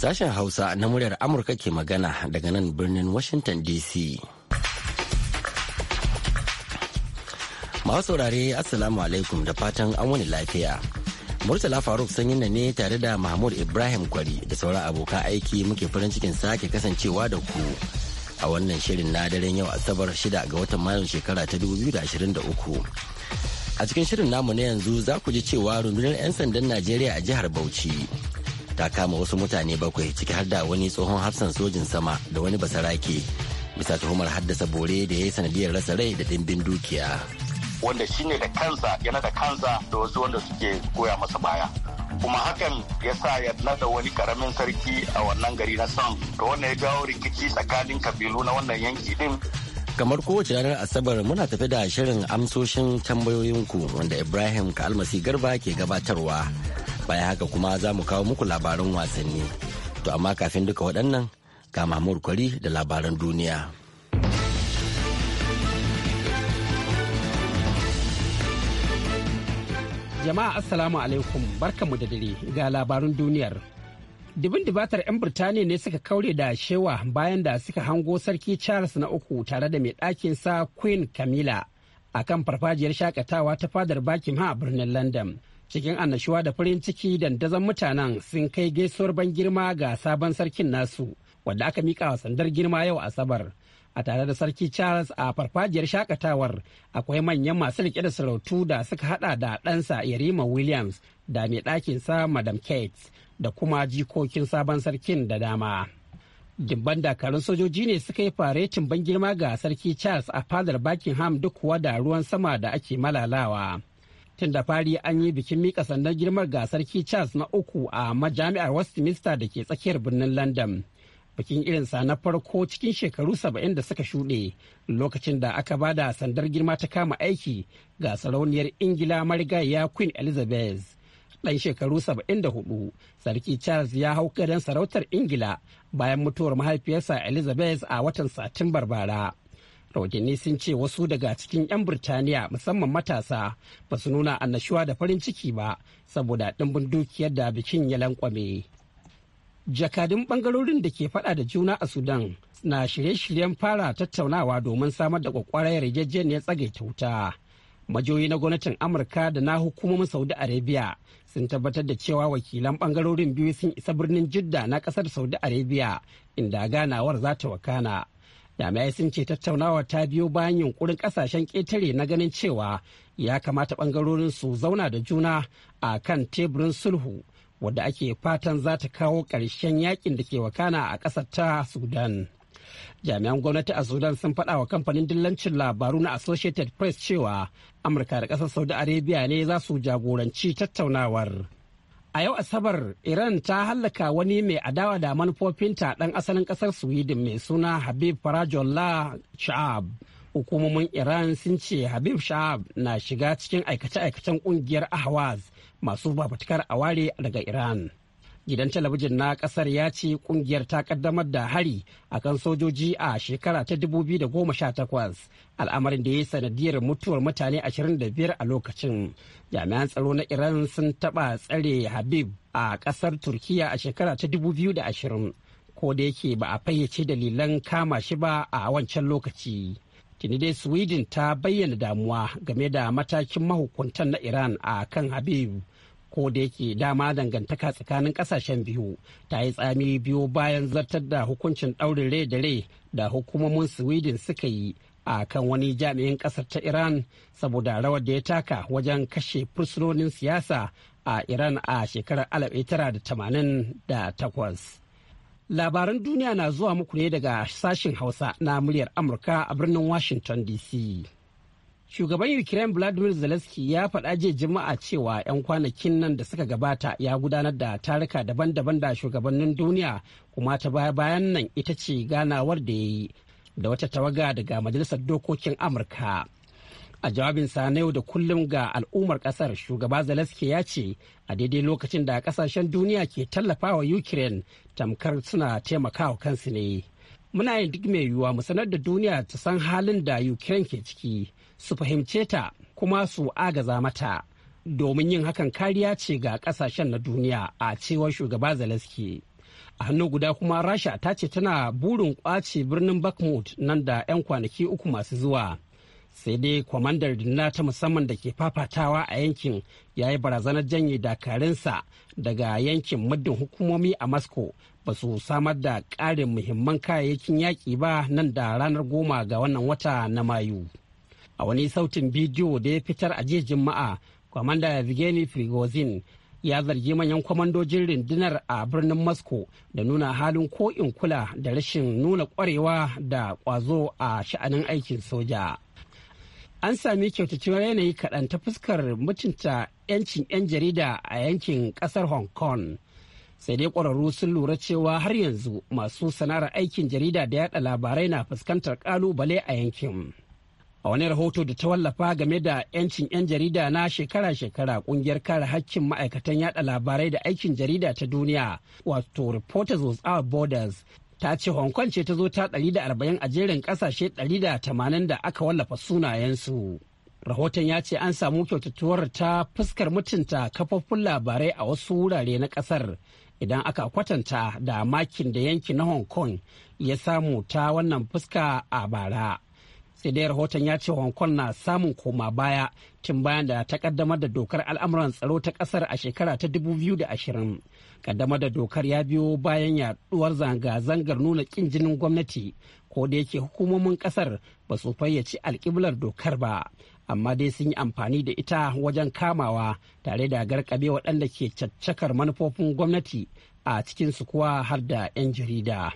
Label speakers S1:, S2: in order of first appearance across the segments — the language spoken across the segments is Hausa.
S1: Sashen Hausa na muryar Amurka ke magana daga nan birnin Washington DC. Masu saurare Assalamu alaikum da fatan an wani lafiya. Murtala Faruk sanyin na ne tare da Mahmud Ibrahim Kwari da sauran abokan aiki muke farin cikin sake kasancewa da ku a wannan shirin na daren yau Asabar 6 ga watan Mayu shekara ta 2023. a cikin shirin namu na yanzu za ku ji cewa rundunar 'yan sandan najeriya a jihar bauchi ta kama wasu mutane bakwai ciki har da wani tsohon hafsan sojin sama da wani basarake bisa tuhumar haddasa bore da ya yi sanadiyar rasa rai da dimbin dukiya
S2: wanda shine da kansa yana da kansa da wasu wanda suke koya masa baya kuma hakan ya sa ya nada wani karamin sarki a wannan gari na son da wannan ya jawo rikici tsakanin kabilu na wannan yanki din
S1: kamar kowace ranar asabar muna tafi da shirin amsoshin tambayoyinku wanda ibrahim kalmasi garba ke gabatarwa baya haka kuma za mu kawo muku labaran wasanni to amma kafin duka waɗannan ga mahmud kwari da labaran duniya
S3: jama'a assalamu alaikum barkanmu da dare ga labarun duniyar dubin dubatar 'yan birtaniya ne suka kaure da shewa bayan da suka hango sarki charles na uku tare da mai ɗakin sa queen camilla a kan farfajiyar shakatawa ta fadar buckingham a birnin london cikin annashuwa da farin ciki dandazon mutanen sun kai gaisuwar ban girma ga sabon sarkin nasu wanda aka mika wa sandar girma yau asabar a tare da sarki charles a farfajiyar shakatawar akwai manyan masu rike da sarautu da suka hada da ɗansa yarima williams da mai ɗakinsa madam kate da kuma jikokin sabon sarkin da dama dimban dakarun sojoji ne suka yi faretin ban girma ga sarki charles a fadar buckingham duk kuwa da ruwan sama da ake malalawa tun da fari an yi bikin mika sandar girmar ga sarki charles na uku a majami'ar westminster da ke tsakiyar birnin london bikin irinsa na farko cikin shekaru saba'in da suka shuɗe lokacin da aka ba da sandar girma ta kama aiki ga sarauniyar ingila marigayya queen elizabeth ɗan shekaru saba'in da hudu sarki charles ya hau gadon sarautar ingila bayan mutuwar mahaifiyarsa elizabeth a watan satumbar bara rahotanni sun ce wasu daga cikin 'yan birtaniya musamman matasa ba su nuna annashuwa da farin ciki ba saboda ɗimbin dukiyar da bikin ya lankwame jakadun bangarorin da ke fada da juna a sudan na shirye-shiryen fara tattaunawa domin samar da kwakwarar yarjejeniyar tsagaita wuta majoyi na gwamnatin amurka da na hukumomin saudi arabia sun tabbatar da cewa wakilan bangarorin biyu sun isa birnin jidda na kasar saudi arabia inda ganawar za ta wakana jami'ai sun ce tattaunawa ta biyo bayan yunkurin kasashen ketare na ganin cewa ya kamata ɓangarorin su zauna da juna a kan teburin sulhu wadda ake fatan za ta kawo ƙarshen yakin da ke wakana a ƙasar ta sudan jami'an gwamnati a sudan sun faɗa wa kamfanin dillancin labaru na associated press cewa amurka da ƙasar saudi arabia ne za su jagoranci tattaunawar A yau Asabar, Iran ta hallaka wani mai adawa da manufofinta ɗan asalin ƙasar Sweden mai suna Habib Farajolla Sha'ab. Hukumomin Iran sun ce Habib Sha'ab na shiga cikin aikace-aikacen ƙungiyar Ahwaz masu fafutukar aware daga Iran. gidan talabijin na kasar ya ce kungiyar ta kaddamar da hari a kan sojoji a shekara ta 2018 al'amarin da ya yi sanadiyar mutuwar mutane 25 a lokacin jami'an tsaro na iran sun taɓa tsare habib a kasar turkiya a shekara ta 2020 ko da yake ba a fayyace dalilan kama shi ba a wancan lokaci tuni dai sweden ta bayyana damuwa game da matakin mahukuntan na iran a kan habib ko da yake dama dangantaka tsakanin kasashen biyu ta yi tsami biyu bayan zartar da hukuncin ɗaurin rai da rai da hukumomin sweden suka yi a kan wani jami'in ƙasar ta iran saboda rawar da ya taka wajen kashe fursunonin siyasa a iran a shekarar 1988 labaran duniya na zuwa muku ne daga sashen hausa na muryar amurka a birnin washington dc Shugaban Ukraine Vladimir Zelensky ya faɗa jiya Juma'a cewa 'yan kwanakin nan da suka gabata ya gudanar da taruka daban-daban da shugabannin duniya kuma ta baya-bayan nan ita ce ganawar da ya yi da wata tawaga daga Majalisar Dokokin Amurka. a jawabin sa na yau da kullum ga al'ummar kasar shugaba zelensky ya ce a daidai lokacin da kasashen duniya ke tallafawa ukraine tamkar suna taimakawa kansu ne muna yin duk mai yiwuwa mu sanar da duniya ta san halin da ukraine ke ciki su fahimce ta kuma su agaza mata domin yin hakan kariya ce ga kasashen na duniya a cewar shugaba zelensky a hannu guda kuma rasha ta ce tana burin kwace birnin bakmut nan da 'yan kwanaki uku masu zuwa sai dai kwamandar dina ta musamman da ke fafatawa a yankin ya yi barazanar janye dakarunsa daga yankin muddin hukumomi a moscow ba su samar da ƙarin muhimman kayayyakin yaƙi ba nan da ranar goma ga wannan wata na mayu a wani sautin bidiyo da ya fitar a jiya juma'a kwamanda yevgeny prigozhin ya zargi manyan kwamandojin rundunar a birnin moscow da nuna halin ko'in kula da rashin nuna kwarewa da kwazo a sha'anin aikin soja an sami kyautatawar yanayi kaɗan ta fuskar mutunta 'yancin 'yan jarida a yankin ƙasar hong kong sai dai ƙwararru sun lura cewa har yanzu masu sana'ar aikin jarida da yada labarai na fuskantar ƙalubale a yankin. A wani rahoto da ta wallafa game da 'yancin 'yan jarida na shekara-shekara kungiyar kare hakkin ma'aikatan yada labarai da aikin jarida ta duniya wato Reporters Without Borders ta ce Hong Kong ce ta zo ta 140 a jerin ƙasashe 180 da aka wallafa sunayensu. Rahoton ya ce an samu kyautattuwar ta fuskar mutunta kafofin labarai a wasu wurare na ƙasar idan aka kwatanta da makin da yanki na Hong Kong ya samu ta wannan fuska a bara. sai dai rahoton ya ce hong kong na samun koma baya tun bayan da ta kaddamar da dokar al'amuran tsaro ta kasar a shekara ta 2020 kaddamar da dokar ya biyo bayan yaduwar zanga-zangar nuna kin jinin gwamnati ko da yake hukumomin kasar ba su fayyaci alkiblar dokar ba amma dai sun yi amfani da ita wajen kamawa tare da garkabe waɗanda ke caccakar manufofin gwamnati a cikinsu kuwa har da 'yan jarida.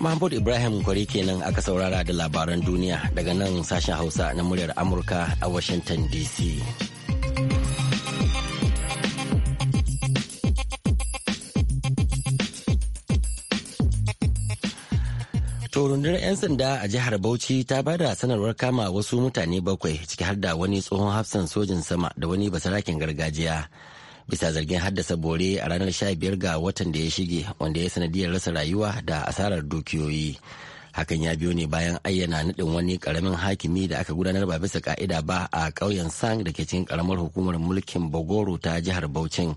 S1: Mahmud Ibrahim Kwari kenan aka saurara da labaran duniya daga nan sashen Hausa na muryar Amurka a Washington DC. To rundunar 'yan sanda a jihar Bauchi ta ba da sanarwar kama wasu mutane bakwai ciki har da wani tsohon hafsan sojin sama da wani basarakin gargajiya bisa zargin haddasa bore a ranar sha biyar ga watan da ya shige wanda ya sanadiyar rasa rayuwa da asarar dukiyoyi hakan ya biyo ne bayan ayyana naɗin wani karamin hakimi da aka gudanar ba bisa ka'ida ba a ƙauyen sang da ke cikin ƙaramar hukumar mulkin bogoro ta jihar Bauchin.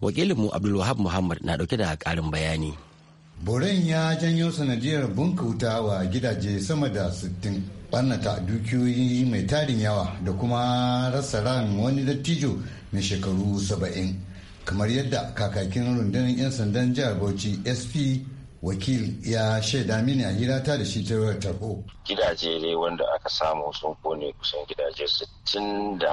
S1: wakilinmu abdulwahab muhammad na dauke da karin bayani
S4: boren ya janyo sanadiyar bunka wuta wa gidaje sama da sittin. barnata dukiyoyi mai tarin yawa da kuma rasa ran wani dattijo mai shekaru saba'in kamar yadda kakakin rundunar 'yan sandan jihar bauchi sp wakil ya shaida mini a hirata da shi ta tarho
S5: gidaje ne wanda aka samu sun kone kusan gidaje 65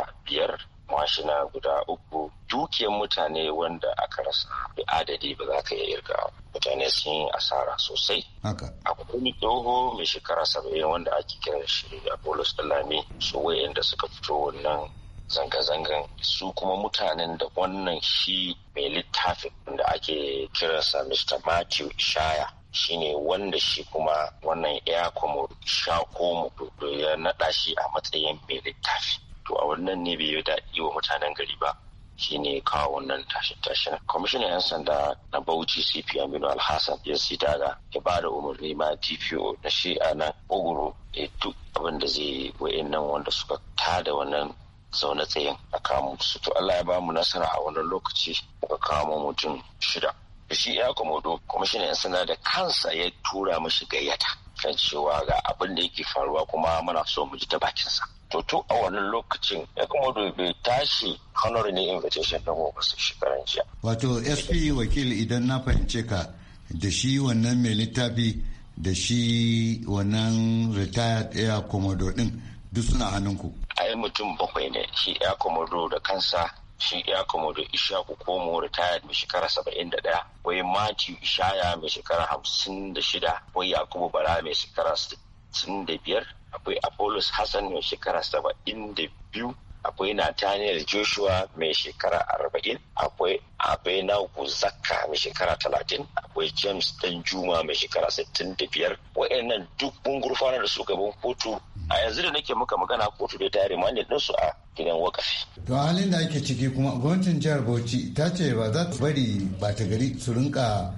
S5: mashina guda uku dukiyar mutane wanda aka rasa da adadi ba za ka iya irga mutane sun yi asara sosai akwai doho mai shekara saba'in wanda ake kiran shi da dalami su wayanda suka fito wannan zanga-zangan su kuma mutanen da wannan shi mai littafin da ake kiransa mr matthew shaya shine wanda shi kuma wannan ya kuma sha ko ya naɗa shi a matsayin mai littafi to a wannan ne bai daɗi wa mutanen gari ba shine kawo wannan tashin tashin kwamishinan yan sanda na bauchi cp aminu alhassan ya daga ya ba da umarni ma dpo na shi a nan ogoro ya duk abin da zai wa'in nan wanda suka tada wannan zaune tsayin a kamu. su to allah ya ba mu nasara a wannan lokaci muka kamo mutum shida da shi ya komodo kwamishinan yan sanda da kansa ya tura mashi gayyata kan cewa ga abin da yake faruwa kuma muna so mu ji ta bakinsa to tun a wannan lokacin ya kuma bai tashi honor ne invitation don wa basu shekaran jiya.
S4: wato sp wakil idan na fahimce ka da shi wannan mai littafi da shi wannan retired air commodore din duk suna hannunku.
S5: ai mutum bakwai ne shi air commodore da kansa shi ya kamo da ku komo retired mai shekara saba'in da ɗaya wai mati ishaya mai shekara hamsin da shida wai yakubu bara mai shekara sittin da biyar akwai apollos hassan mai shekara saba'in da biyu akwai nathaniel joshua mai shekara arba'in akwai abenagu zakka mai shekara talatin akwai james danjuma mai shekara sittin da biyar wa'annan duk mun gurfanar da su gaban kotu a yanzu da nake muka magana kotu da ta rimani su a gidan wakafi.
S4: to halin da ake ciki kuma gwamnatin jihar bauchi ta ce ba za ta bari ba ta gari su rinka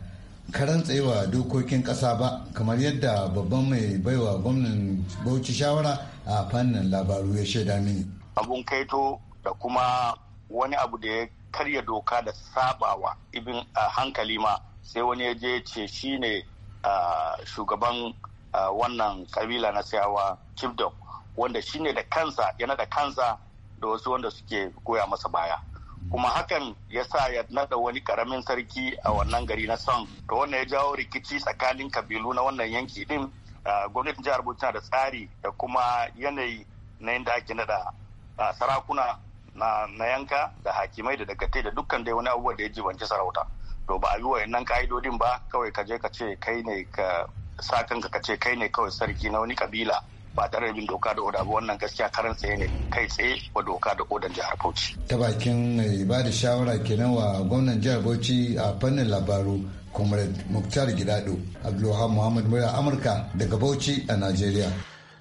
S4: karan tsayewa dokokin ƙasa ba kamar yadda babban mai baiwa gwamnan bauchi shawara a fannin labaru ya shaida mini abun kaito
S2: da kuma wani abu da ya karya doka da sabawa ibin a hankali ma sai wani ya je ce shi ne shugaban wannan kabila na sayawa chief wanda shi ne da kansa ya da kansa da wasu wanda suke goya masa baya kuma hakan ya sa ya nada wani karamin sarki a wannan gari na son to wannan ya jawo rikici tsakanin kabilu na wannan yanki din gwamnatin jihar bauchi da tsari da kuma yanayi na yadda ake nada sarakuna na yanka da hakimai da dagatai da dukkan dai wani abubuwa da ya jibanci sarauta to ba a yi wa yannan ka'idodin ba kawai ka je ka ce kai ne ka sa kanka ka ce kai ne kawai sarki na wani kabila ba tare da bin doka da oda ba wannan gaskiya karan tsaye ne kai tsaye wa doka da odan jihar Bauchi.
S4: Ta bakin mai ba da shawara kenan wa gwamnan jihar Bauchi a fannin labaru Comrade Muktar Gidado Abdulhamid Muhammad Mura Amurka daga Bauchi a Najeriya.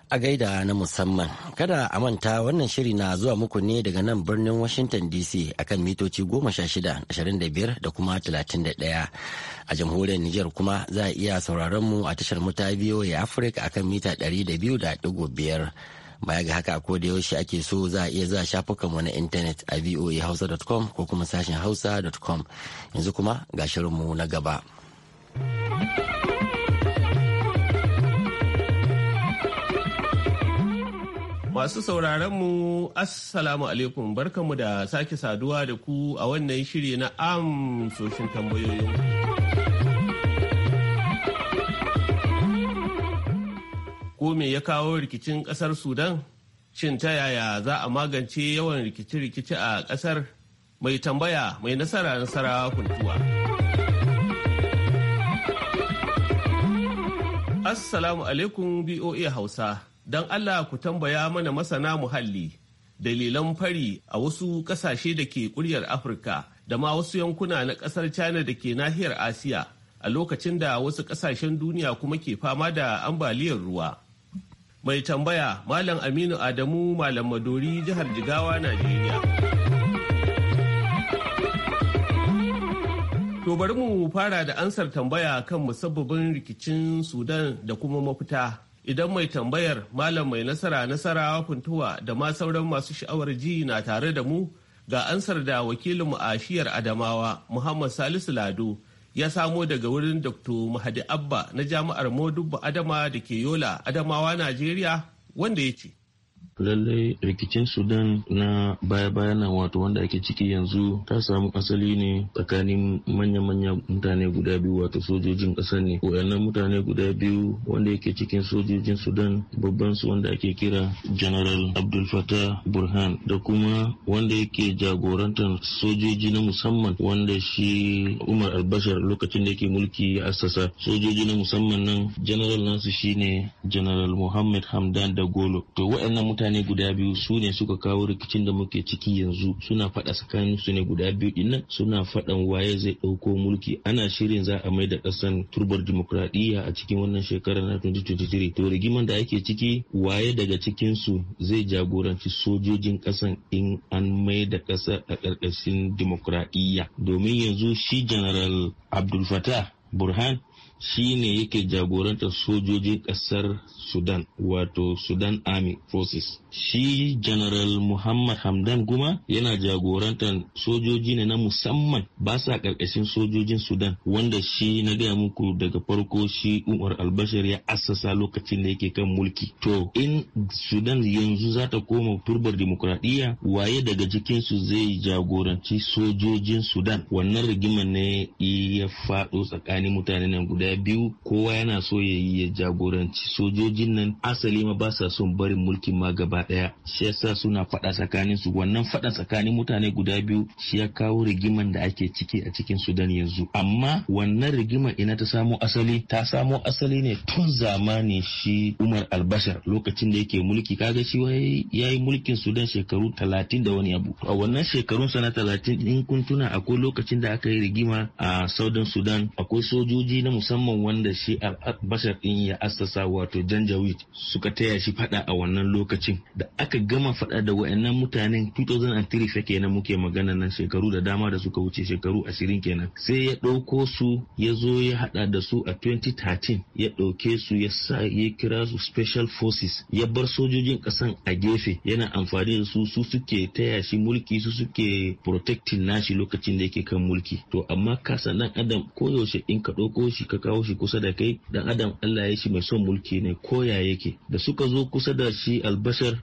S4: a gaida
S1: na musamman kada a manta wannan shiri na zuwa muku ne daga nan birnin washington dc akan mitoci 16 25 da kuma 31 a jamhuriyar niger kuma za a iya sauraron mu a tashar muta Afirka afirka akan mita 200.5 baya ga haka ko da yaushe ake so za a iya za shafukan mu na intanet a voahausa.com ko kuma sashen hausa.com yanzu kuma ga shirinmu na gaba.
S6: Masu mu Assalamu alaikum barkanmu da sake saduwa da ku a wannan shiri na amsoshin tambayoyin. Ko me ya kawo rikicin ƙasar Sudan? Shin ta yaya za a magance yawan rikici-rikici a ƙasar? Mai tambaya mai nasara nasara kuntuwa. Assalamu alaikum BOA Hausa. don Allah ku tambaya mana masana muhalli dalilan fari a wasu ƙasashe da ke ƙuryar Afirka da ma wasu yankuna na ƙasar China da ke nahiyar Asiya a lokacin da wasu ƙasashen duniya kuma ke fama da ambaliyar ruwa. Mai tambaya Malam Aminu Adamu Malam Madori jihar Jigawa, Najeriya. To bari mu fara da ansar tambaya kan musabbabin rikicin Sudan da kuma mafita idan mai tambayar malam mai nasara nasara funtuwa da ma sauran masu sha'awar ji na tare da mu ga ansar da wakilin mu a shiyar adamawa muhammad salisu lado ya samo daga wurin dr mahadi abba na jami'ar modubba adama da ke yola adamawa najeriya wanda
S3: ya
S7: ce lallai rikicin sudan na baya baya nan wato wanda ake ciki yanzu ta samu asali ne tsakanin manya-manya mutane guda biyu wato sojojin kasar ne wayannan mutane guda biyu wanda yake cikin sojojin sudan babban su wanda ake kira general abdul fatah burhan da kuma wanda yake jagorantar sojoji na musamman wanda shi umar albashar lokacin da yake mulki asasa assasa sojoji na musamman nan general nasu shine general muhammad hamdan dagolo to wayannan mutane mutane guda biyu su ne suka kawo rikicin da muke ciki yanzu suna faɗa tsakanin su ne guda biyu dinnan suna faɗan waye zai ɗauko mulki ana shirin za a mai da ƙasan turbar dimokuraɗiyya a cikin wannan shekarar na 2023 to rigiman da ake ciki waye daga cikin su zai jagoranci sojojin ƙasan in an mai da ƙasa a ƙarƙashin dimokuraɗiyya domin yanzu shi general abdul fatah burhan shi ne yake jagorantar sojojin ƙasar Sudan wato Sudan Army Forces. shi general muhammad hamdan guma yana jagorantar sojoji ne na musamman ba sa karkashin sojojin sudan wanda shi na gaya muku daga farko shi umar albashir ya assasa lokacin da yake kan mulki to in sudan yanzu za ta koma turbar dimokuraɗiyya waye daga su zai jagoranci sojojin sudan wannan rigima ne ya faɗo tsakanin mutane nan guda biyu kowa yana so ya jagoranci sojojin nan asali ma ba sa son barin mulkin ma gaba ɗaya shi yasa suna faɗa tsakanin su wannan faɗa tsakanin mutane guda biyu shi ya kawo rigiman da ake ciki a cikin Sudan yanzu amma wannan rigimar ina ta samo asali ta samo asali ne tun zamani shi Umar Albashar lokacin da yake mulki kaga shi ya yi mulkin Sudan shekaru talatin da wani abu a wannan shekarun sana talatin in kun tuna akwai lokacin da aka yi rigima a Southern Sudan akwai sojoji na musamman wanda shi Albashar din ya assasa wato Janjaweed suka taya shi faɗa a wannan lokacin da aka gama faɗa da wa'annan mutanen 2003 fa kenan muke magana nan shekaru da dama da suka wuce shekaru ashirin kenan sai ya ɗauko su ya zo ya haɗa da su a 2013 ya ɗauke su ya sa ya kira su special forces ya bar sojojin ƙasan a gefe yana amfani da su su suke taya shi mulki su suke protecting nashi lokacin da yake kan mulki to amma kasa dan adam ko yaushe in ka ɗauko shi ka kawo shi kusa da kai dan adam Allah ya shi mai son mulki ne koya yake da suka zo kusa da shi albashar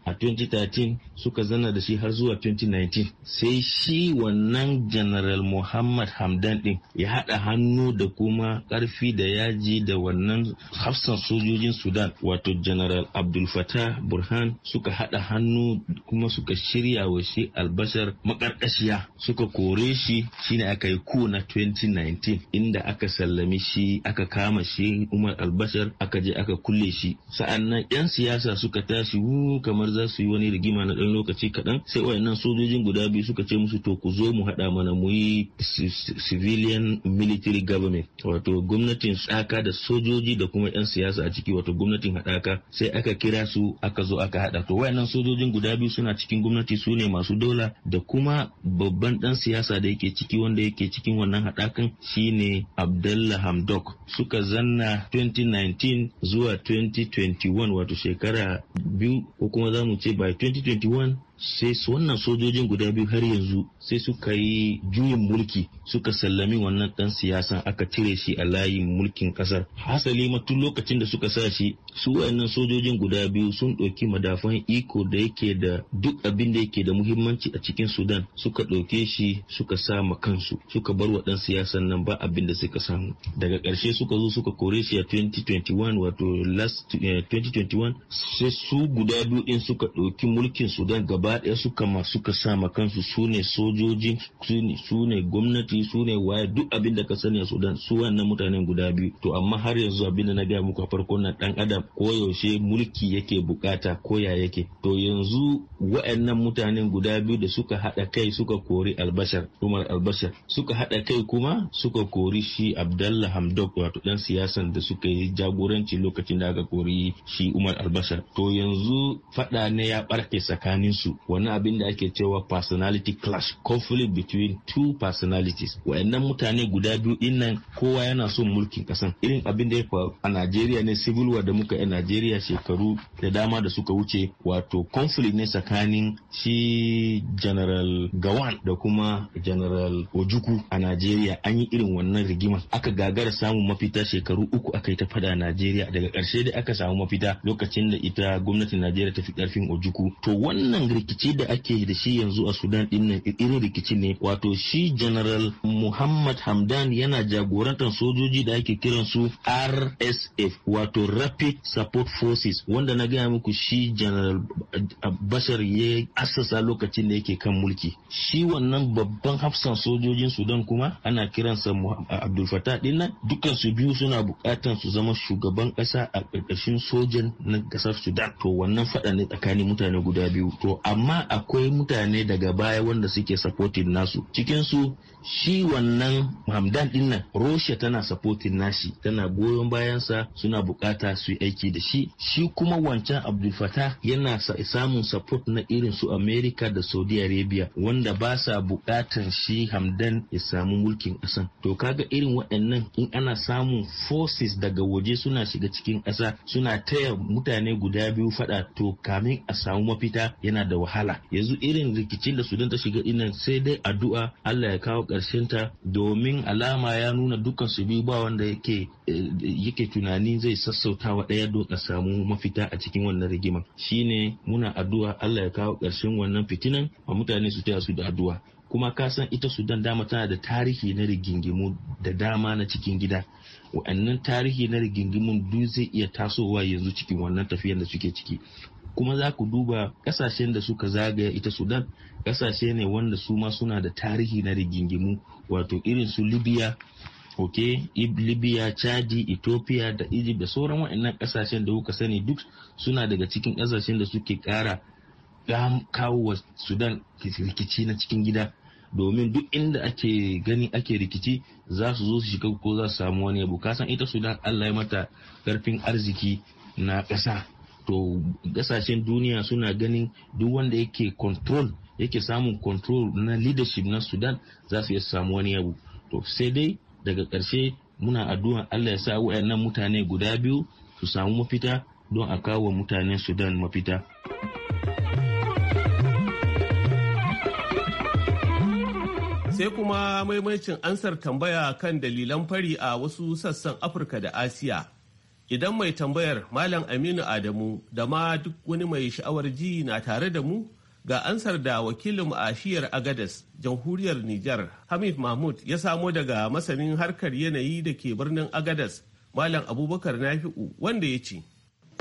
S7: a 2013 suka zana da shi har zuwa 2019 sai shi wannan general muhammad hamdan din ya haɗa hannu da kuma ƙarfi da yaji da wannan hafsan sojojin sudan wato general abdul fatah burhan suka haɗa hannu kuma suka shirya wa shi albashar makarkashiya suka kore shi shine aka yi ku na 2019 inda aka sallami shi aka kama shi umar albashar aka je aka kulle shi sa'annan 'yan siyasa suka tashi wu kamar za za su yi wani rigima na ɗan lokaci kaɗan sai wayannan sojojin guda biyu suka ce musu to ku zo mu haɗa mana mu yi civilian military government wato gwamnatin tsaka da sojoji da kuma 'yan siyasa a ciki wato gwamnatin haɗaka sai aka kira su aka zo aka haɗa to wayannan sojojin guda biyu suna cikin gwamnati su ne masu dola da kuma babban ɗan siyasa da yake ciki wanda yake cikin wannan haɗakan shine abdullah Hamdok suka zanna 2019 zuwa 2021 wato shekara biyu ko kuma za za will ce by 2021 sai su wannan sojojin guda biyu har yanzu sai suka yi juyin mulki suka sallami wannan dan siyasan aka cire shi a layin mulkin kasar hasali ma tun lokacin da suka sa shi su wayannan sojojin guda biyu sun ɗauki madafan iko da yake da duk abin da yake da muhimmanci a cikin sudan suka ɗauke shi suka sa ma kansu suka bar wa dan siyasan nan ba abin da suka samu daga ƙarshe suka zo suka kore shi a 2021 wato last 2021 eh, sai su guda biyu din suka ɗauki mulkin sudan gaba gaba ɗaya suka ma suka sa ma kansu su ne sojoji su ne gwamnati su ne waye duk abin da ka sani a Sudan su wannan mutanen guda biyu to amma har yanzu abin da na gaya muku a farko na dan adam ko yaushe mulki yake bukata ko ya yake to yanzu waɗannan mutanen guda biyu da suka haɗa kai suka kori albashar umar albashar suka haɗa kai kuma suka kori shi abdallah hamdok wato ɗan siyasan da suka yi jagoranci lokacin da aka kori shi umar albashar to yanzu faɗa ne ya ɓarke tsakanin su wani abin da ake cewa personality clash conflict between two personalities wayannan mutane guda biyu din kowa yana son mulkin kasan irin abin da ya faru a Najeriya ne civil war da muka yi a Najeriya shekaru da dama da suka wuce wato conflict ne tsakanin shi general Gawan da kuma general Ojuku a Najeriya an yi irin wannan rigima aka gagara samun mafita shekaru uku aka yi ta fada a Najeriya daga ƙarshe da aka samu mafita lokacin da ita gwamnatin Najeriya ta fi ƙarfin Ojuku to wannan rikici da ake da shi yanzu a Sudan din nan irin rikici ne wato shi General Muhammad Hamdan yana jagorantar sojoji da ake kiran su RSF wato Rapid Support Forces wanda na gaya muku shi General Bashar ya assasa lokacin da yake kan mulki shi wannan babban hafsan sojojin Sudan kuma ana kiransa Abdul Fattah din nan dukkan su biyu suna bukatan su zama shugaban kasa a ƙarƙashin sojan na kasar Sudan to wannan faɗa ne tsakanin mutane guda biyu to a. amma akwai mutane daga baya wanda suke supporting nasu cikin su shi wannan hamdan din nan tana supporting nashi tana goyon bayansa suna bukata su yi aiki da shi shi kuma wancan abdul fattah yana samun support na irin su america da saudi arabia wanda ba sa bukatan shi hamdan ya samu mulkin kasan to kaga irin waɗannan in ana samun forces daga waje suna shiga cikin ƙasa suna taya mutane guda biyu fada to kamin a samu mafita yana da wahala yanzu irin rikicin da sudan ta shiga dinnan sai dai addu'a Allah ya kawo karshen ta domin alama ya nuna dukkan su biyu ba wanda yake eh, yake tunani zai sassautawa ɗaya don a samu mafita a cikin wannan rigimar shine muna addu'a Allah ya kawo karshen wannan fitinan a mutane su taya su da addu'a kuma ka san ita sudan dama tana da tarihi na rigingimu da dama na cikin gida wa'annan tarihi na rigingimun duk zai iya tasowa yanzu cikin wannan tafiyar da suke ciki kuma za ku duba kasashen da suka zagaya ita sudan kasashe ne wanda su ma suna da tarihi na rigingimu wato irin su libya ok libya chadi ethiopia da egypt da sauran waɗannan kasashen da kuka sani duk suna daga cikin kasashen da suke kara kawo wa sudan rikici na cikin gida domin duk inda ake gani ake rikici za su zo su shiga ko za su samu wani abu kasan ita sudan allah ya mata karfin arziki na ƙasa to kasashen duniya suna ganin duk wanda yake control yake samun control na leadership na sudan za su iya samu wani abu to sai dai daga ƙarshe muna addu'a allah ya sa wayannan mutane guda biyu su samu mafita don a kawo mutanen sudan mafita
S6: sai kuma maimacin ansar tambaya kan dalilan fari a wasu sassan afirka da asiya Idan mai tambayar Malam Aminu Adamu da ma duk wani mai sha'awar ji na tare da mu ga ansar da wakilin a Agadas, jamhuriyar Nijar, Hamid Mahmud ya samo daga masanin harkar yanayi da ke birnin Agadas, Malam Abubakar Nafi'u wanda ya ce.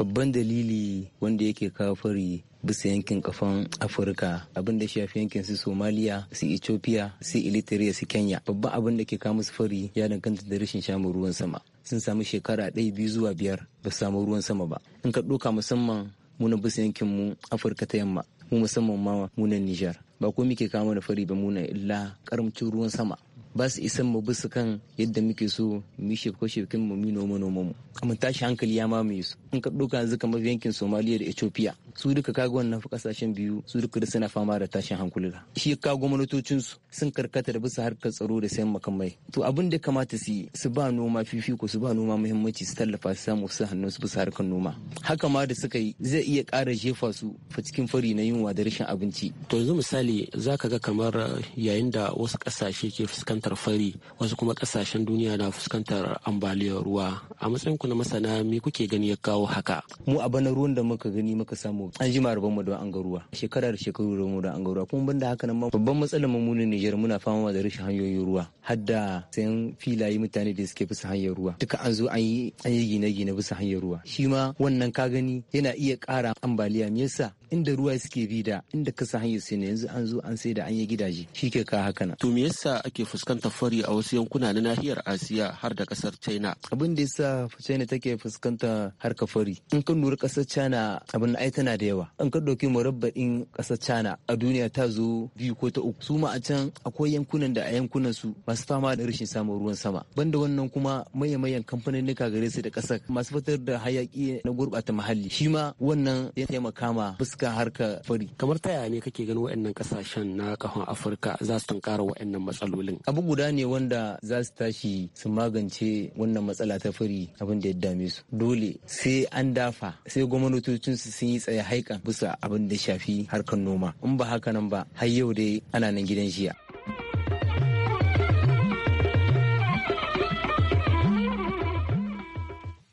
S8: babban dalili wanda yake kawo fari bisa yankin kafan afirka abin da shafi yankin su somaliya su ethiopia su eritrea su kenya babban abin da ke kawo musu fari ya danganta da rashin shamun ruwan sama sun samu shekara ɗaya biyu zuwa biyar ba samu ruwan sama ba in ka ɗoka musamman muna bisa yankin mu afirka ta yamma mu musamman ma munan nijar ba komi muke kawo mana fari ba muna illa karamcin ruwan sama ba su isan mu bisu kan yadda muke so mu shi shefkin mu noma noma mu amma tashi hankali ya mamaye su in ka ɗauka yanzu kamar yankin somaliya da ethiopia su duka kaga wannan kasashen biyu su duka da suna fama da tashin hankula shi ka gwamnatocin su sun karkata da bisa harkar tsaro da sayan makamai to abin da kamata su yi su ba noma fifiko su ba noma muhimmanci su tallafa su samu su hannun su bisa harkar noma haka ma da suka yi zai iya ƙara jefa su cikin fari na yunwa da rashin abinci to yanzu misali zaka ga kamar yayin da
S6: wasu kasashe ke fuskantar fuskantar fari wasu kuma kasashen duniya na fuskantar ambaliyar ruwa a matsayin ku na masana me kuke gani ya kawo haka
S8: mu a bana ruwan da muka gani muka samu an ji ma mu da an ga ruwa shekara shekaru da an ga ruwa kuma banda haka nan ma babban matsalar mu ne Niger muna fama da rashin hanyoyin ruwa hadda sayan filaye mutane da suke bisa hanyar ruwa duka an zo an yi an yi gine-gine bisa hanyar ruwa shi ma wannan ka gani yana iya kara ambaliya me yasa inda ruwa suke bi da inda kasa hanyar sai yanzu an zo an sai da an yi gidaje
S6: shi ke ka haka na. to me yasa ake fuskantar fari a wasu yankuna na nahiyar asiya har da kasar china abin da
S8: yasa china take fuskanta harka fari in ka lura kasar china abin ai tana da yawa in ka ɗauki murabba'in kasar china a duniya ta zo biyu ko ta uku su ma a can akwai yankunan da a yankunan su masu fama da rashin samun ruwan sama banda wannan kuma mayan kamfaninnika gare su da kasar masu fitar da hayaki na gurɓata muhalli shi ma wannan ya taimaka ma
S6: iska harka fari kamar ta yaya ne kake ganin waɗannan kasashen na kahon afirka za su tunkara waɗannan matsalolin
S8: abu guda ne wanda za su tashi su magance wannan matsala ta fari abin da ya dame su dole sai an dafa sai gwamnatocin su sun yi tsaye haikan bisa abin da shafi harkar noma in ba haka nan ba har yau dai ana nan gidan jiya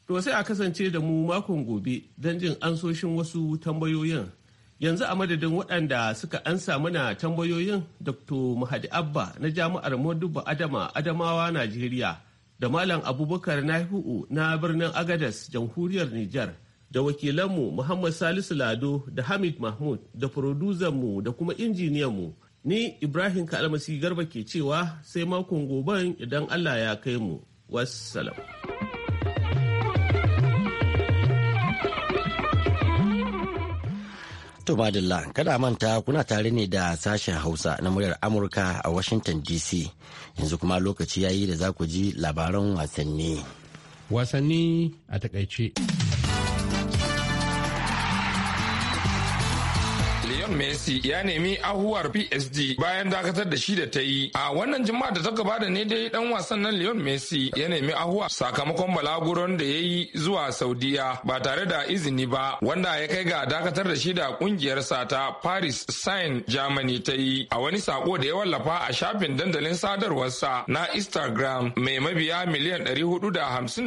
S6: To sai a kasance da mu makon gobe don jin ansoshin wasu tambayoyin. Yanzu a madadin waɗanda suka ansa mana tambayoyin Dr. Mahadi Abba na Jami'ar Maduba Adama Adamawa Najeriya da Malam Abubakar Nahiu na birnin Agadas Jamhuriyar Nijar da wakilanmu Muhammad Salisu Lado da Hamid Mahmud da mu da kuma injiniyanmu ni Ibrahim Kalmasi Garba ke cewa sai makon goben idan Allah ya kai mu. Wassalam.
S1: To Badalla, kada manta kuna tare ne da sashen Hausa na muryar Amurka a Washington DC. Yanzu kuma lokaci yayi da za ku ji labaran wasanni.
S9: Wasanni a takaice. Messi ya nemi ahuwar PSG bayan dakatar da shi da ta yi. A wannan jima'a da ta gabata ne dai dan wasan nan Lionel Messi ya nemi ahuwa sakamakon balaguron da ya yi zuwa Saudiya ba tare da izini ba wanda ya kai ga dakatar da shi da kungiyarsa ta Paris Saint germain ta yi a wani sako da ya wallafa a shafin dandalin sadarwarsa na Instagram mai mabiya miliyan da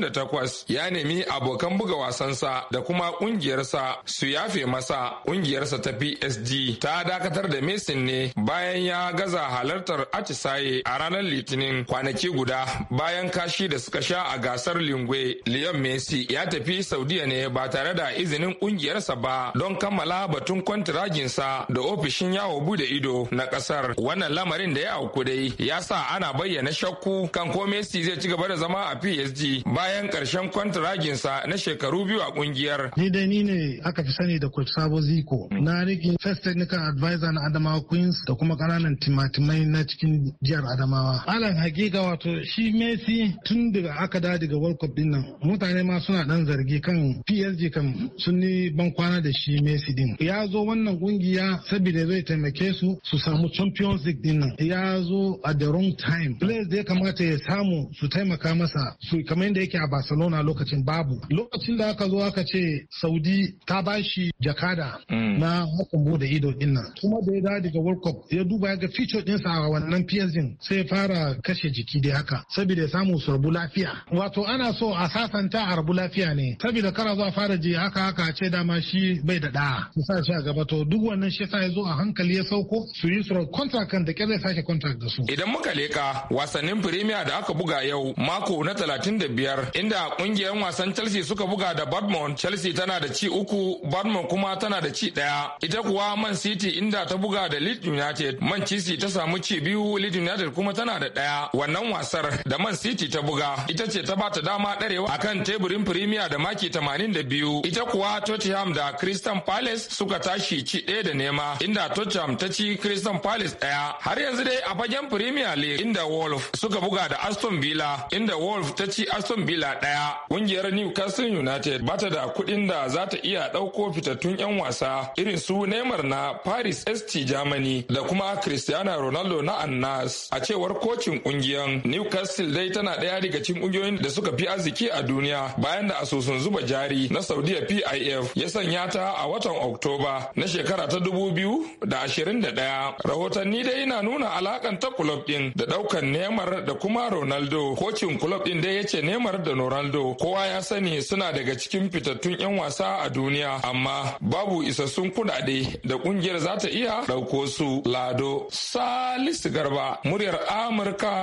S9: da takwas ya nemi abokan buga wasansa da kuma kungiyarsa su yafe masa kungiyarsa ta PSG ta dakatar da Mason ne bayan ya gaza halartar atisaye a ranar Litinin kwanaki guda bayan kashi da suka sha a gasar Lingwe. Leon Messi ya tafi Saudiya ne ba tare da izinin kungiyarsa ba don kammala batun kwantiraginsa da ofishin yawo bude ido na kasar. Wannan lamarin da ya auku dai ya sa ana bayyana shakku kan ko Messi zai ci gaba da zama a PSG bayan karshen kwantiraginsa na shekaru biyu a kungiyar.
S10: Ni dai ni ne aka fi sani da Coach Sabo Zico. Na rikin first technical advisor na Adamawa Queens da kuma ƙananan timatimai na cikin jihar Adamawa. Alan hakika wato shi Messi tun daga aka da daga World Cup din nan mutane ma suna dan zargi kan PSG kan sun ni ban kwana da shi Messi din. Ya zo wannan kungiya saboda zai taimake su su samu Champions League din nan. Ya zo at the wrong time. Players da ya kamata ya samu su taimaka masa su kamar yadda yake a Barcelona lokacin babu. Lokacin da aka zo aka ce Saudi ta bashi jakada mm. na hukumbu da Lido din kuma da ya dawo daga World Cup ya duba ya ga feature din sa a wannan PSG sai fara kashe jiki dai haka saboda ya samu su rabu lafiya wato ana so a sasanta a rabu lafiya ne saboda kara zuwa fara ji haka haka ce dama shi bai da da su sa shi a gaba to duk wannan shi sa ya zo a hankali ya sauko su yi su contract kan da kyar zai sake contract da su
S9: idan muka leka wasannin premier da aka buga yau mako na 35 inda kungiyar wasan Chelsea suka buga da Bournemouth Chelsea tana da ci uku Bournemouth kuma tana da ci daya ita kuwa man city inda ta buga da leeds united man city ta samu ci biyu leeds united kuma tana da ɗaya wannan wasar da man city ta buga ita ce ta bata dama ɗarewa akan teburin premier da maki 82 ita kuwa tottenham da crystal palace suka tashi ci ɗaya da nema inda tottenham ta ci crystal palace ɗaya har yanzu dai a fagen premier league inda wolf suka buga da aston villa inda wolf ta ci aston villa daya. kungiyar newcastle united bata da kuɗin da za ta iya ɗauko fitattun 'yan wasa irin su neymar na A Paris ST Germany da kuma Cristiano Ronaldo na Annas. A cewar kocin kungiyar Newcastle dai tana ɗaya daga cikin kungiyoyin da suka fi arziki a duniya bayan da asusun zuba jari na Saudiya PIF ya sanya ta a watan Oktoba na shekara ta 2021. Rahotanni dai yana nuna alakan ta kulob din da daukan Neymar da kuma Ronaldo. Kocin kulob din dai yace ce Neymar da Ronaldo kowa ya sani suna daga cikin fitattun 'yan wasa a duniya amma babu isassun kudade da kungiyar za ta iya ɗauko su lado salisu garba muryar amurka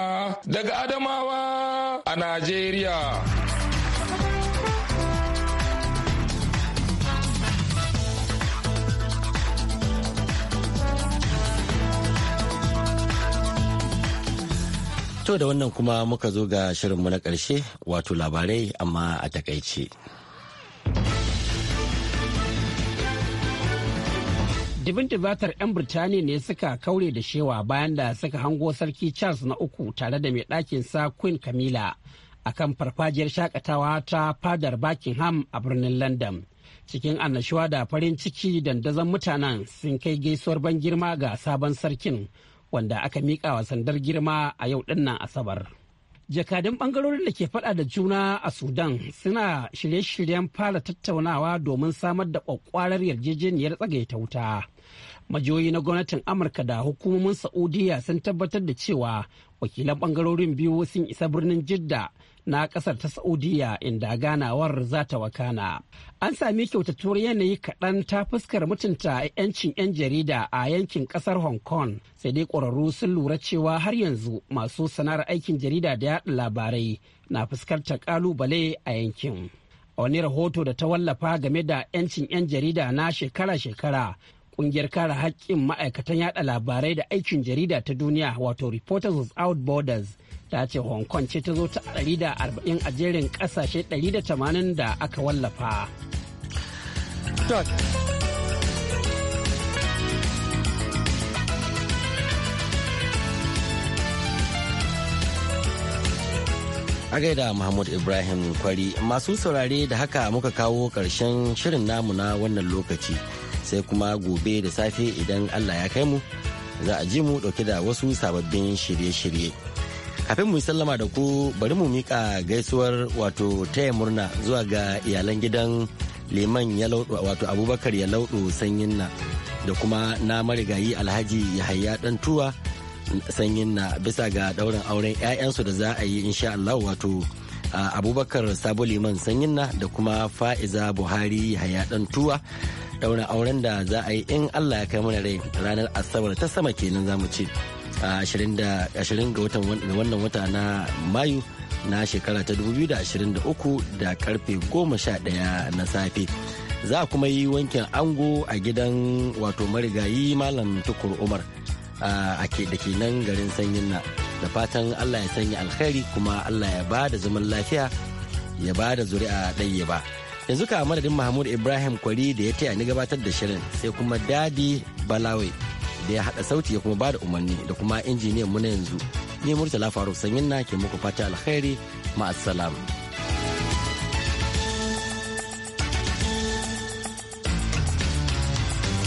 S9: daga adamawa a najeriya
S1: To da wannan kuma muka zo ga shirinmu na ƙarshe wato labarai amma
S3: a takaice. dibin dibatar 'yan birtaniya ne suka kaure da shewa bayan da suka hango sarki charles na uku tare da mai ɗakin sa queen camilla a kan farfajiyar shakatawa ta fadar buckingham a birnin london cikin annashuwa da farin ciki dandazon mutanen sun kai gaisuwar ban girma ga sabon sarkin wanda aka miƙa wa sandar girma a yau dinnan asabar jakadun bangarorin da ke fada da juna a sudan suna shirye-shiryen fara tattaunawa domin samar da kwakwarar yarjejeniyar tsagaita wuta majiyoyi na gwamnatin amurka da hukumomin saudiya sun tabbatar da cewa wakilan bangarorin biyu sun isa birnin jidda na kasar ta saudiya inda ganawar za ta wakana an sami kyautattuwar yanayi kaɗan ta fuskar mutunta 'yancin 'yan jarida a yankin kasar hong kong sai dai ƙwararru sun lura cewa har yanzu masu sana'ar aikin jarida da yaɗa labarai na fuskantar ƙalubale a yankin a wani rahoto da ta wallafa game da 'yancin 'yan jarida na shekara-shekara kungiyar kare haƙƙin ma'aikatan yada labarai da aikin jarida ta duniya wato reporters without borders ta ce hong kong ce ta zo ta 140 a jerin kasashe 180 da aka wallafa
S1: a gaida Mahmud Ibrahim Kwari masu saurare da haka muka kawo ƙarshen shirin namu na wannan lokaci sai kuma gobe da safe idan Allah ya kai mu za a ji mu ɗauke da wasu sababbin shirye-shirye. kafin mu sallama da ku bari mu mika gaisuwar wato taya murna zuwa ga iyalan gidan liman yalaudu wato abubakar yalaudu sanyin na da kuma na marigayi alhaji yahaya dan tuwa sanyin na bisa ga ɗaurin auren 'ya'yansu da za a yi insha Allah wato abubakar sabo liman sanyin na da kuma fa'iza buhari yahaya dan tuwa daura auren da za a yi in Allah ya kai mana rai ranar asabar ta sama kenan za mu ce. a 20 ga wannan wata na mayu na shekara ta 2023 da karfe 11 na safe za a kuma yi wankin ango a gidan wato marigayi malam tukur umar a ke da ke nan garin sanyin na da fatan allah ya sanya alkhairi kuma allah ya ba da zaman lafiya ya ba da zuri'a ɗaya ba yanzu ka madadin mahmud ibrahim kwari da ya taya ni gabatar da shirin sai kuma dadi balawai da ya haɗa sauti ya kuma ba da umarni da kuma injiniyan mu na yanzu. Ni Murtala Faruk Sanyin na ke muku fata alkhairi ma'assalam.